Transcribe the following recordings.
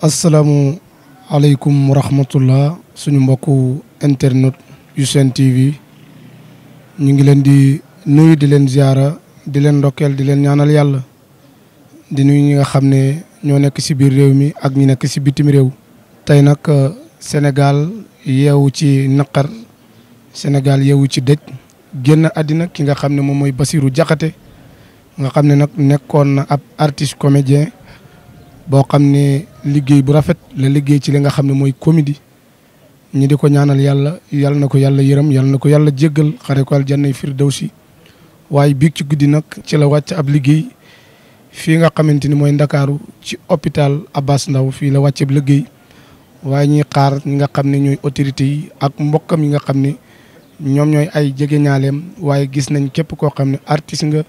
asalaamu aleykum wa rahmatullah suñu mbokku internet yu seen TV ñu ngi leen di nuyu di leen ziara di leen ndokkeel di leen ñaanal yàlla di nuyu ñi nga xam ne ñoo nekk ci biir réew mi ak ñi nekk ci bitim réew. tey nag euh, Sénégal yeewu ci naqar Sénégal yeewu ci dëj génn àddina ki nga xam ne moom mooy Basirou jaxate nga xam ne nag nekkoon na ab artiste comédien. boo xam ne liggéey bu rafet la liggéey ci li nga xam ne mooy comédie ñi di ko ñaanal yàlla yàlla na ko yàlla yërëm yàlla na ko yàlla jéggal xare ko aljanna firdawsi waaye biig ci guddi nag ci la wàcc ab liggéey fii nga xamante ni mooy ndakaaru ci hôpital Abass Ndao fii la wàcc ab liggéey waaye ñuy xaar ñi nga xam ne ñooy autorités yi ak mbokkam yi nga xam ni ñoom ñooy ay jege ñaaleem waaye gis nañ képp koo xam ne artiste nga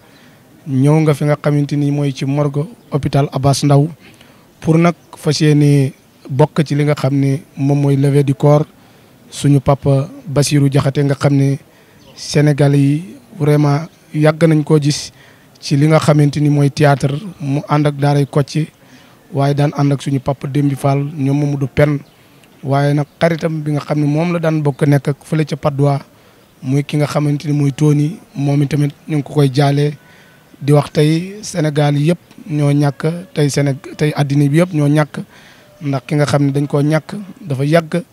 ñëw nga fi nga xamante ni mooy ci morgue hôpital Abass pour nag fas yéene bokk ci li nga xam ne moom du corps suñu papa Basirou Diakhaté nga xam ne Sénégal yi vraiment yàgg nañ koo gis ci li nga xamante ni mooy théâtre mu ànd ak ak suñu papa Dembi Fall nyomu Mamadou Penn waaye nak xaritam bi nga xam ne moom la daan bokk nekk ak fële ca Padois muy ki nga xamante ni mooy Tony moom ñu ko koy di wax tey Sénégal yëpp ñoo ñàkk tey Séné tey addina bi yëpp ñoo ñàkk ndax ki nga xam ne dañ koo ñàkk dafa yàgg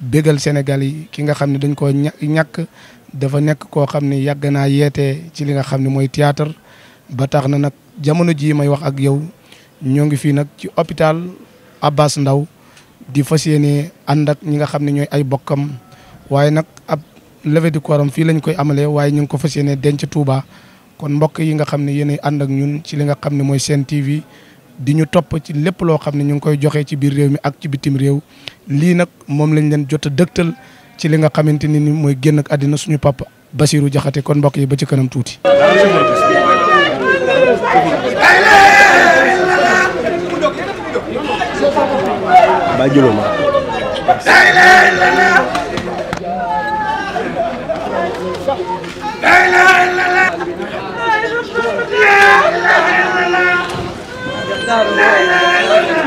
bégal Sénégal yi ki nga xam ne dañ koo ñàkk dafa nekk koo xam ne yàgg naa yeete ci li nga xam ne mooy théâtre ba tax na nag jamono jii may wax ak yow ñoo ngi fii nag ci hôpital Abbas ndaw di fas yéene ànd ak ñi nga xam ne ñooy ay bokkam waaye nag ab levée du fii lañ koy amalee waaye ñu ngi ko fas yéene denc Touba kon mbokk yi nga xam ne yéen ànd ak ñun ci li nga xam ne mooy seen TV di ñu topp ci lépp loo xam ne ñu ngi koy joxe ci biir réew mi ak ci bitim réew lii nag moom lañ leen jot a dëgtal ci li nga xamante ni ni mooy génn ak àddina suñu papa basiiru Diakhaté kon mbokk yi ba ci kanam tuuti. ba Woo!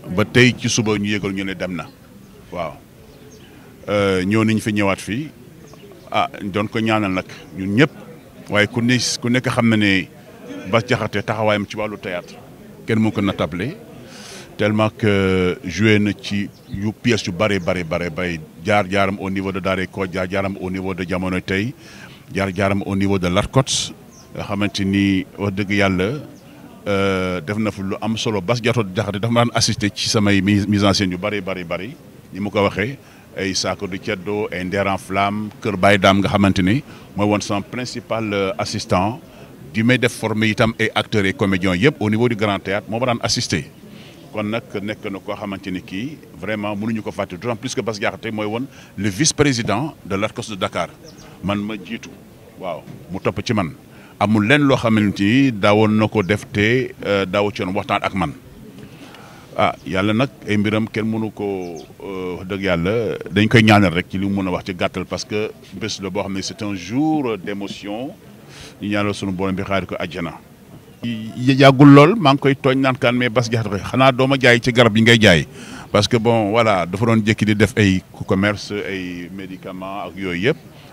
ba tey ci suba ñu yëgal ñu ne dem na waaw euh, ñëw nañ fi ñëwaat fii ah doon ko ñaanal nag ñun ñëpp waaye ku ne ku nekk xam na ne ba Diakhaté taxawaayam ci wàllu teyaat kenn mu ko natable tellement que joué na ci yu pièces yu bare bare bare bay jaar-jaaram au niveau de Daaray Kocc jaar-jaaram au niveau de Jamono tey jaar-jaaram au niveau de l'ARCOT nga xamante nii wax dëgg yàlla Euh, def na fu am solo Bass Diatta de daan assister ci samay mise en scène yu bari bari bari ni mu ko waxee ay saako du ceddo ay ndeer en flamme son principal euh, assistant di may def former itam acteurs et comédiens au niveau du Grand Théâtre kon na ni vraiment mënuñu ko plus que le vice-président de l'ARCOS de Dakar man ma jiitu waaw mu amul len lo xamanteni dawon nako defte ko euh, ci woon waxtan ak man ah yalla nak ay mbiram ken munu ko deug yalla dañ koy ñaanal rek ci li mu wax ci gattal parce que bés la bo xamné c'est un jour d'émotion ñu ñaanal sunu borom bi xaari ko aljana yàggul lol maa ngi koy togn naan kaan mais bas jaxate xana dooma jaay ci garab yi ngay jaay parce que bon voilà dafa doon jekki di def ay commerce ay médicaments ak yoy yep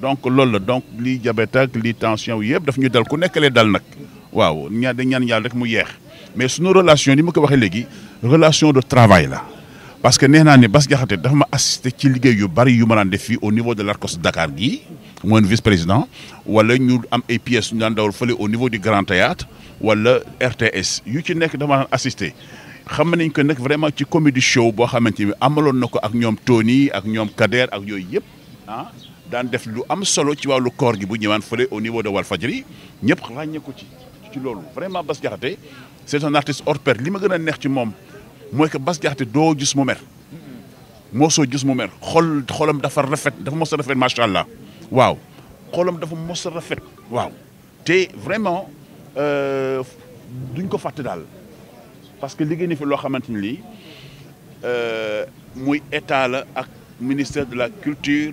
donc loolu donc lii diabète ak lii tension yëpp daf ñu dal ku nekkalee dal nag waaw ñaan ñaan yàlla rek mu yeex mais suñu relation ni ma ko waxee léegi relation de travail la parce que nee naa ne Bass Diakhaté daf ma assisté ci liggéey yu bari yu ma daan def fii au niveau de l'ARCOS Dakar gii mooy vice président wala ñu am ay pièces ñu daan dawal fële au niveau du Grand Théâtre wala RTS yu ci nekk dama daan assisté xam nañ ko nag vraiment ci comédie show boo xamante ni amaloon na ko ak ñoom Tony ak ñoom Kader ak yooyu yëpp ah daan def lu am solo ci koor gi bu au niveau de Walfadjri ñëpp ci ci vraiment c'est un artiste hors pair li ma gën a neex ci moom mooy que Bass doo mu mer moo soo mu mer xol xolam dafa rafet dafa mos a rafet macha waaw xolam dafa mos a rafet waaw te vraiment euh, duñ ko parce que liggéey ni fi loo xamante ni lii euh, muy état la ministère de la culture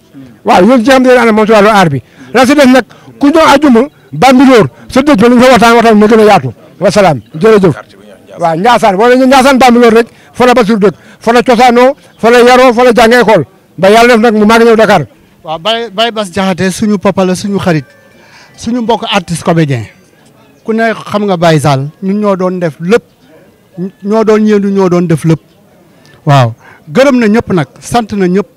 waaw yooyu ci xam ne ana moom ci wàllu aar bi la si des nag ku ñëw àjjuma Bambilor sa dëj ba li ñu fa waxtaan waxtaan mu a yaatu wasalaam jërëjëf waaw Ndiassane wala ñu Ndiassane Bambilor rek fa la Bassirou dëkk fa la cosaanoo fa la yaroo fa la jàng école ba yàlla def nag mu mag ñëw Dakar waaw Baye Baye Bass Diakhaté suñu papa la suñu xarit suñu mbokk artiste comédien ku ne xam nga Baye Sall ñun ñoo doon def lépp ñoo doon yéendu ñoo doon def lépp waaw gërëm na ñëpp nag sant na ñëpp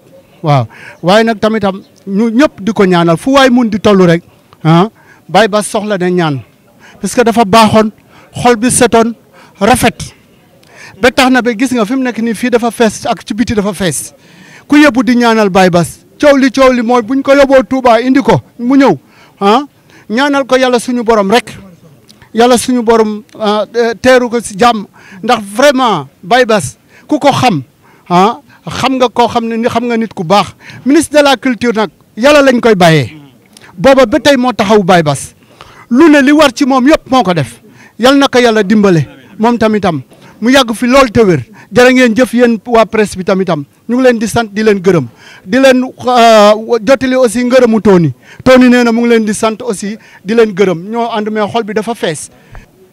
waaw waaye nak tamit am ñu ñep di ko ñaanal fu way mun di tollu rek ah bay ba soxla na ñaan parce que dafa baxone xol bi setone rafet ba taxna na gis nga fim nek ni fi dafa fess ak ci biti dafa fest, ku yebbu di ñaanal bay bas ciowli ciowli moy buñ ko Touba indi ko mu ñew ah ñaanal ko yalla suñu borom rek yalla suñu borom ah, teeru ko si jam ndax vraiment bay bas ku ko xam ah xam nga ko xam ni xam nga nit ku bax ministre de la culture nak yalla lañ koy baye boba be tay mo taxaw bay bas lu ne li war ci mom yop moko def yal naka yalla dimbalé mom tamitam mu yag fi lol te wér jara ngeen jëf yeen wa presse bi tamitam ñu ngi leen di sante di leen gëreum di leen euh, jotali aussi ngërëmu toni toni neena mu ngi leen di sante aussi di leen gëreum ño and me xol bi dafa fess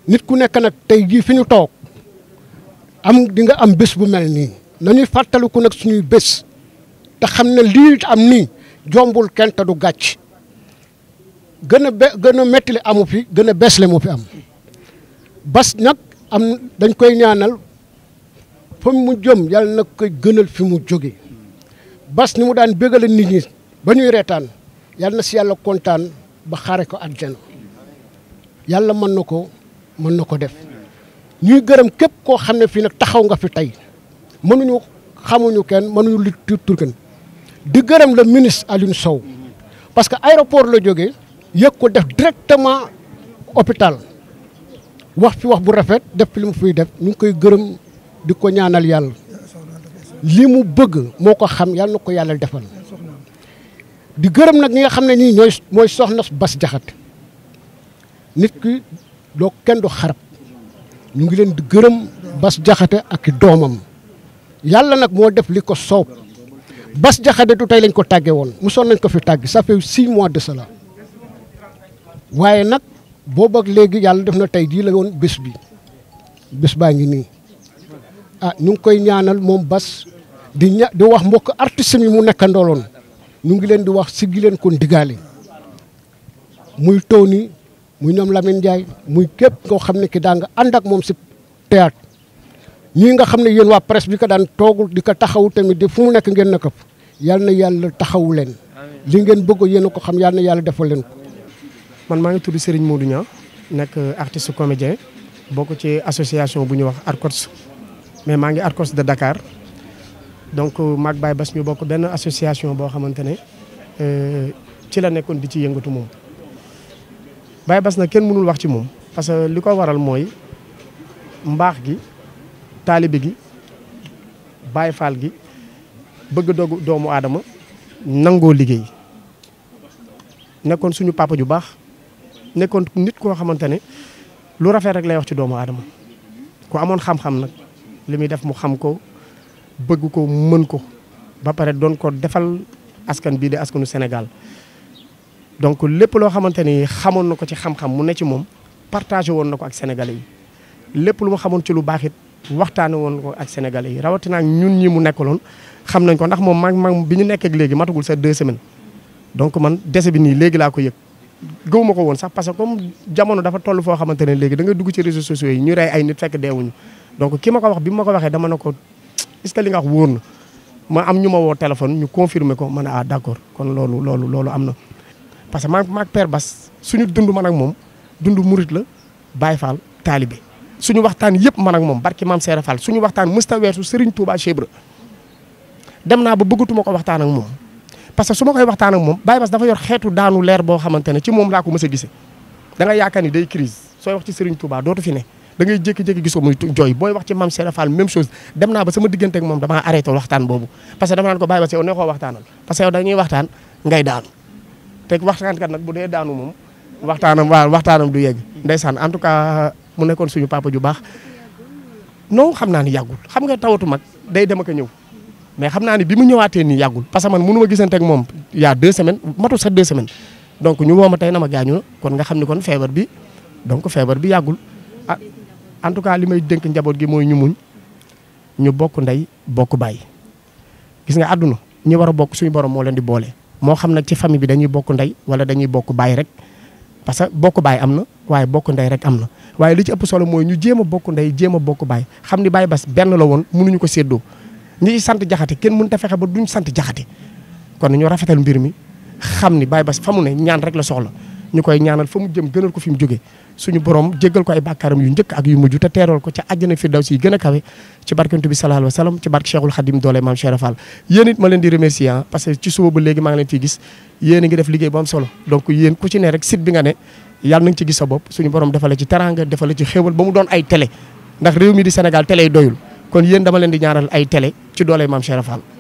nit ku nek nak tay gi fiñu tok am di nga am bés bu melni nañuy fàttaliku nag suñuy bés te xam ne lii am nii jombul kenn te du gàcc gën a be gën a amu fi gën a bees le moo fi am bas nag am dañ koy ñaanal fa mu jëm yàlla na koy gënal fi mu jóge bas ni mu daan bégale nit ñi ba ñuy reetaan yàlla na si yàlla kontaan ba xaare ko àjjana yàlla mën na ko mën na ko def ñuy gërëm képp koo xam ne fii nag taxaw nga fi tey mënuñu xamuñu kenn mënuñu li tur di gërëm le ministre Alioune Sow parce que aéroport la jóge yëg ko def directement hôpital wax fi wax bu rafet def fi li mu fiy def ñu ngi koy gërëm di ko ñaanal yàlla lii mu bëgg moo ko xam yàlla na ko yàlla defal di gërëm nag ñi nga xam ne ñii ñooy mooy soxna Bas jaxat nit ki doo kenn du xarab ñu ngi leen di gërëm Bas Jaxate ak i doomam yàlla nag moo def li ko soob bas Diakhaté du tey lañ ko tàggee woon mosoon nañ ko fi tàgg ça fait six mois de cela waaye nag boobu léegi yàlla def na tey jii la woon bés bi bés baa ngi nii a ah, ñu ngi koy ñaanal moom bas di ña di wax mbokk artiste mi mu nekkandooloon ndooloon ñu ngi leen di wax siggileen leen ko ndigaale muy Tony muy ñoom Lamine Ndiaye muy képp koo xam ne ki daa ànd ak moom si théâtre ñi nga xamne yeen wa presse bi ka daan togul di ka taxaw tamit di fu mu nek ngeen na këpp na yàlla taxawu leen li ngeen bëgg yeen ko xam yal na yàlla defal len man ma ngi tuddu Serigne Modou nya nek euh, artiste comédien bokku ci association bu ñu wax ARCOS mais ma ngi ARCOS de Dakar donc euh, maag bay Bass ñu bokku ben association bo xamantene euh ci la nekkon di ci yëngatu mom bay Bass na kenn mënul wax ci mom parce que liko waral moy mbax gi. Tali gi baye fall gi bëgg dogu doomu adama nango liggéey nekkon suñu papa ju baax nekkon nit ko xamantene lu rafet rek lay wax ci doomu adama ku amone xam-xam nak limi def mu xam ko bëgg ko mën ko ba pare don ko defal askan bi di askanu Sénégal donc lepp lo xamanteni xamone xamoon ko ci xam-xam mu ne ci mom partager won nako ak sénégalais yi lu mu xamone ci lu baxit waxtaane woon ko ak sénégalais yi rawatina ak ñun ñi mu nekkaloon xam nañ ko ndax moom mag mag bi ñu nekk léegi matagul sa deux semaines donc man dese bi nii léegi laa ko yëg gëw ma ko woon sax parce que comme jamono dafa toll foo xamante ne léegi da dugg ci réseaux sociaux ñu rey ay nit fekk deewuñu donc ma ko wax bi ma ko waxee dama ne ko est-ce que li wóor na ma am ñu ma woo téléphone ñu confirmer ko ma ne ah d'accord kon loolu loolu loolu am na parce que maag maag Père Bass suñu dund ak moom dundu murit la Baye Fall taalibe suñu waxtaan yëpp man ak moom barki maam Seera Fall suñu waxtaan mësta weesu Serigne Touba Chebre dem naa ba bëggatuma ko waxtaan ak moom parce que su koy waxtaan ak moom Baye Bass dafa yor xeetu daanu leer boo xamante ne ci moom laa ko mës a gisee da nga yaakaar day crise sooy wax ci Serigne dootu fi ne da ngay jékki-jékki gis ko muy jooy booy wax ci maam Seera Fall même chose dem naa ba sama diggante ak moom damaa arrêté waxtaan boobu parce que dama naan ko Baye Bass yow neexoo nag bu dee daanu moom waxtaanam waaw waxtaanam du yegg ndeysaan en tout cas mu nekkoon suñu papa ju baax non xam naa ni yàggul xam nga tawatu mag day dem ak a ñëw mais xam naa ni bi mu ñëwaatee nii yàggul parce que man mënu ma gisante moom y a semaine semaines matul sax semaine donc ñu woo ma tey na ma gaañu kon nga xam ni kon feebar bi donc feebar bi yàggul ah en tout cas li may dénk njaboot gi mooy ñu muñ ñu bokk ndey bokk baay gis nga adduna ñu war a bokk suñu borom moo leen di boole moo xam nag ci famille bi dañuy bokk ndey wala dañuy bokk baay rek parce que bokk baay am na waaye bokk ndey rek am na waaye li ci ëpp solo mooy ñu jéem a bokk ndey jéem a bokk baay xam ni baay bas benn la woon mënuñu ko séddoo ñi ci sant jaxate kenn mun a fexe ba duñ sant jaxati kon ñu rafetel mbir mi xam ni baay bas fa mu ne ñaan rek la soxla ñu koy ñaanal fa mu jëm gënal ko fi mu jóge suñu borom jéggal ko ay bàkkaaram yu njëkk ak yu mujj te teerool ko ca àjjana firdawsi yi gën a kawe ci barkentu bi sallallahu alayhi wa sallam ci barke Cheikhul Khadim doole maam Cheikh Rafal yéen it ma leen di remercier ah, parce que ci suba ba léegi maa ngi leen fiy gis yéen a ngi def liggéey bu am solo donc yéen ku ci ne rek site bi nga ne yàlla na nga ci gis sa bopp suñu borom defale la ci teranga defal la ci xéewal ba mu doon ay télé ndax réew mi di Sénégal kon yéen dama leen di ñaanal ay télé ci doole maam Cheikh